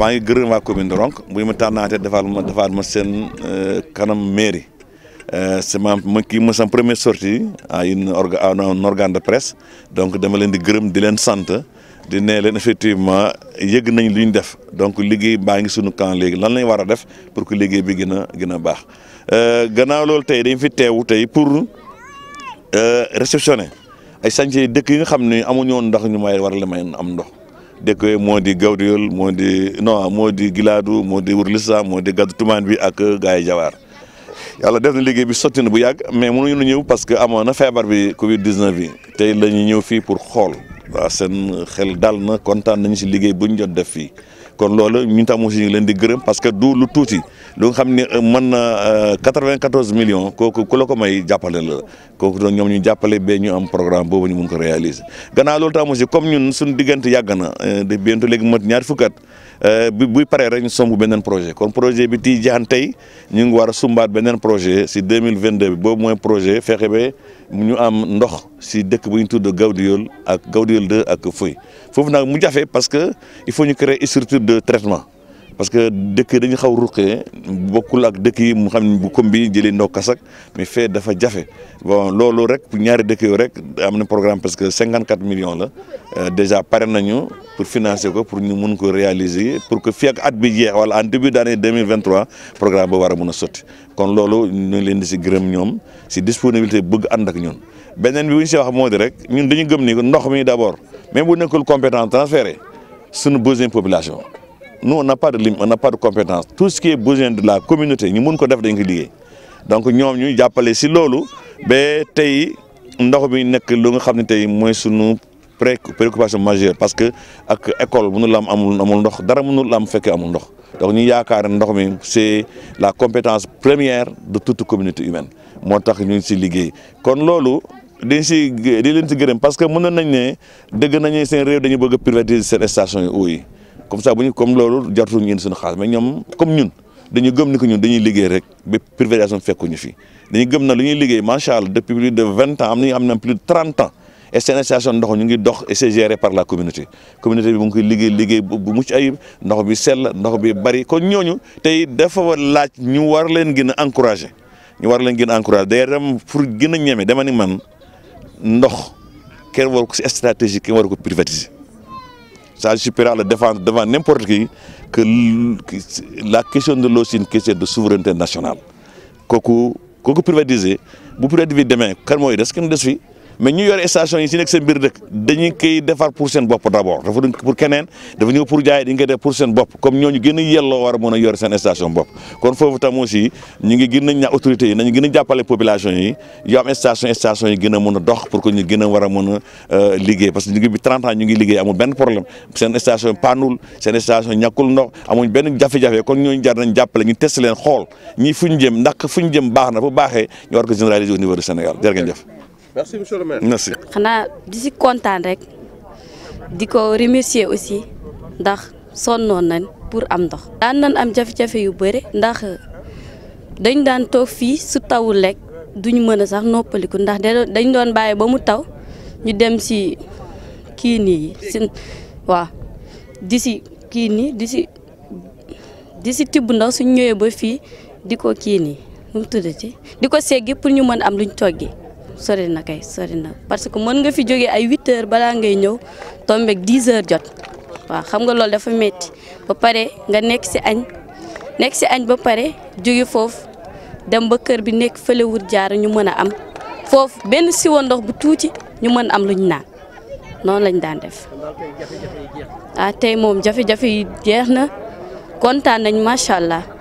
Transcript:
maa ngi gërëm waa commune de Ronkh bu ñu ma tànnaatee defaat ma defaat ma seen euh, kanam mairie euh, c'est ma ma kii ma sama première sortie à une orga à un organe de presse donc dama leen di gërëm di leen sant di ne leen effectivement yëg nañ li ñu def donc liggéey baa ngi sunu camp léegi lan lañ war a def pour que liggéey bi gën a gën a baax euh, gannaaw loolu tey dañ fi teewu tey pour réceptionner ay chantier dëkk yi xam ne amuñu woon ndox ñu may war a may am ndox. de moo di Gawdiyol moo di non moo di giladu de di Wurlisa moo di bi ak jawar def na bi bu parce que amoon na feebar bi Covid 19 bi tey la ñu pour xool waaw seen xel dal na def kon loolu parce que du lu tuuti lu nga xam 94 euh, euh, millions koku ku la ko may jàppale la kooku doon ñoom ñu jappalé ba ñu am programme boobu ñu mun ko réaliser. gannaaw loolu tam aussi comme ñun suñu digënt yàgg euh, de bientôt léegi mat ñaar fukkat euh buy paré rek ñu sombu benen projet kon projet bi ti jeexan tey ñu ngi wara a sumbaat beneen projet ci 2022 bi boobu mooy projet fexé ba ñu am ndox ci dëkk bu ñu tudd Gawdiyool ak Gawdiyool 2 ak fouy fofu nak mu jafé parce que il faut ñu créer une structure de traitement parce que dëkk dañu xaw ruqee bokkul ak dëkk yi mu xam ne bu comme bi jëlee ndaw kasak mais fee dafa jafé bon lolu rek pour ñaari dëkk yooyu rek am programme parce que 54 millions la euh, déjà paré nañu pour financer ko pour ñu mun ko réaliser pour que fi ak at bi jeex wala en début d'année 2023 programme ba wara mëna sotti kon lolu ñu leen di ci gërëm ñom ci disponibilité bëgg and ak ñun benen bi bu ci wax modi rek ñun dañu gëm ni ndox mi d'abord même bu nekkul compétence transféré suñu besoin population nous on n'a pas de limite, on n'a pas de compétence tout ce qui est besoin de la communauté ñu mun ko def dañ ko liggéey donc nous, ñu jàppale appelé loolu ba tey ndox bi nekk lu nga xam ne tey sunu préoccupation majeure parce que ak école mënul am amul amul ndox dara mënul am fekkee amul ndox donc ñu yaakaar ndox mi c'est la compétence première de toute communauté humaine moo tax ñu si liggéey kon loolu dañ si di leen si gërëm parce que mënoon nañ ne dëgg nañu seen dañu bëgg privatiser cette station yi comme ça comme lolu jartu ñu mais ñom comme ñun dañu gëm ni que ñun dañuy liggéey rek privatisation depuis plus de 20 ans am plus de 30 ans et ces associations ndox ñu ngi dox par la communauté communauté bi mu ngi liggéey liggéey bu mucc ayib ndox bi sel ndox bi bari ñooñu laaj ñu ñu war pour gën a dama ni man ndox stratégie kenn war privatiser ça supéré la défense devant n'importe qui que la question de l'eau c'est une question de souveraineté nationale vous vous privatiser vous demain, demain est- moi des kan dessus mais ñu yore station yi si nekk seen biir dëkk dañu koy defar pour seen bopp d' abord dafa duñ pour keneen dafa ñëw pour jaay dañ koy def pour seen bopp comme ñooñu gën a yelloo war a mën a yore seen station bopp kon foofu tam aussi ñu ngi gën a ñaax yi nañu gën jàppale population yi station yi gën mën a dox pour que ñu gën a war a mën a euh, liggéey parce que ñu ngi bi 30 ans ñu ngi liggéey amul benn problème seen station panul seen station ñàkkul ndox amuñ benn jafe-jafe kon ñooñu jar nañ jàppale ñu test leen xool ñii fu ñu jëm ndax fu ñu jëm baax na bu baaxee ñu war ko généraliser au niveau du Sénégal jërë merci monsieur le maire merci. xanaa di si kontaan rek di ko remercier aussi ndax sonnoon nañ pour am ndox. daan nañ am jafe-jafe yu bëri ndax dañ dan toog fi su tawul lek duñ mën a sax noppaliku ndax dañ doon baye ba mu taw ñu dem ci kii nii yi si waaw di si kii nii di si di si ba fi diko ko kii mu tuddati ci diko seggi pour ñu mën am luñ toggee. sori na kay sori na parce que mën nga fi jóge ay huit heures balaa ngay ñëw tombeek dix heures jot waaw xam nga loolu dafa metti ba pare nga nekk si añ nekk si añ ba pare jóge foofu dem ba kër bi nekk fële wut jaar ñu mën a am foofu benn siwo ndox bu tuuti ñu mën am lu luñ naan noonu lañ daan def ah tey moom jafe-jafe yi jeex na kontaan nañ macha allah.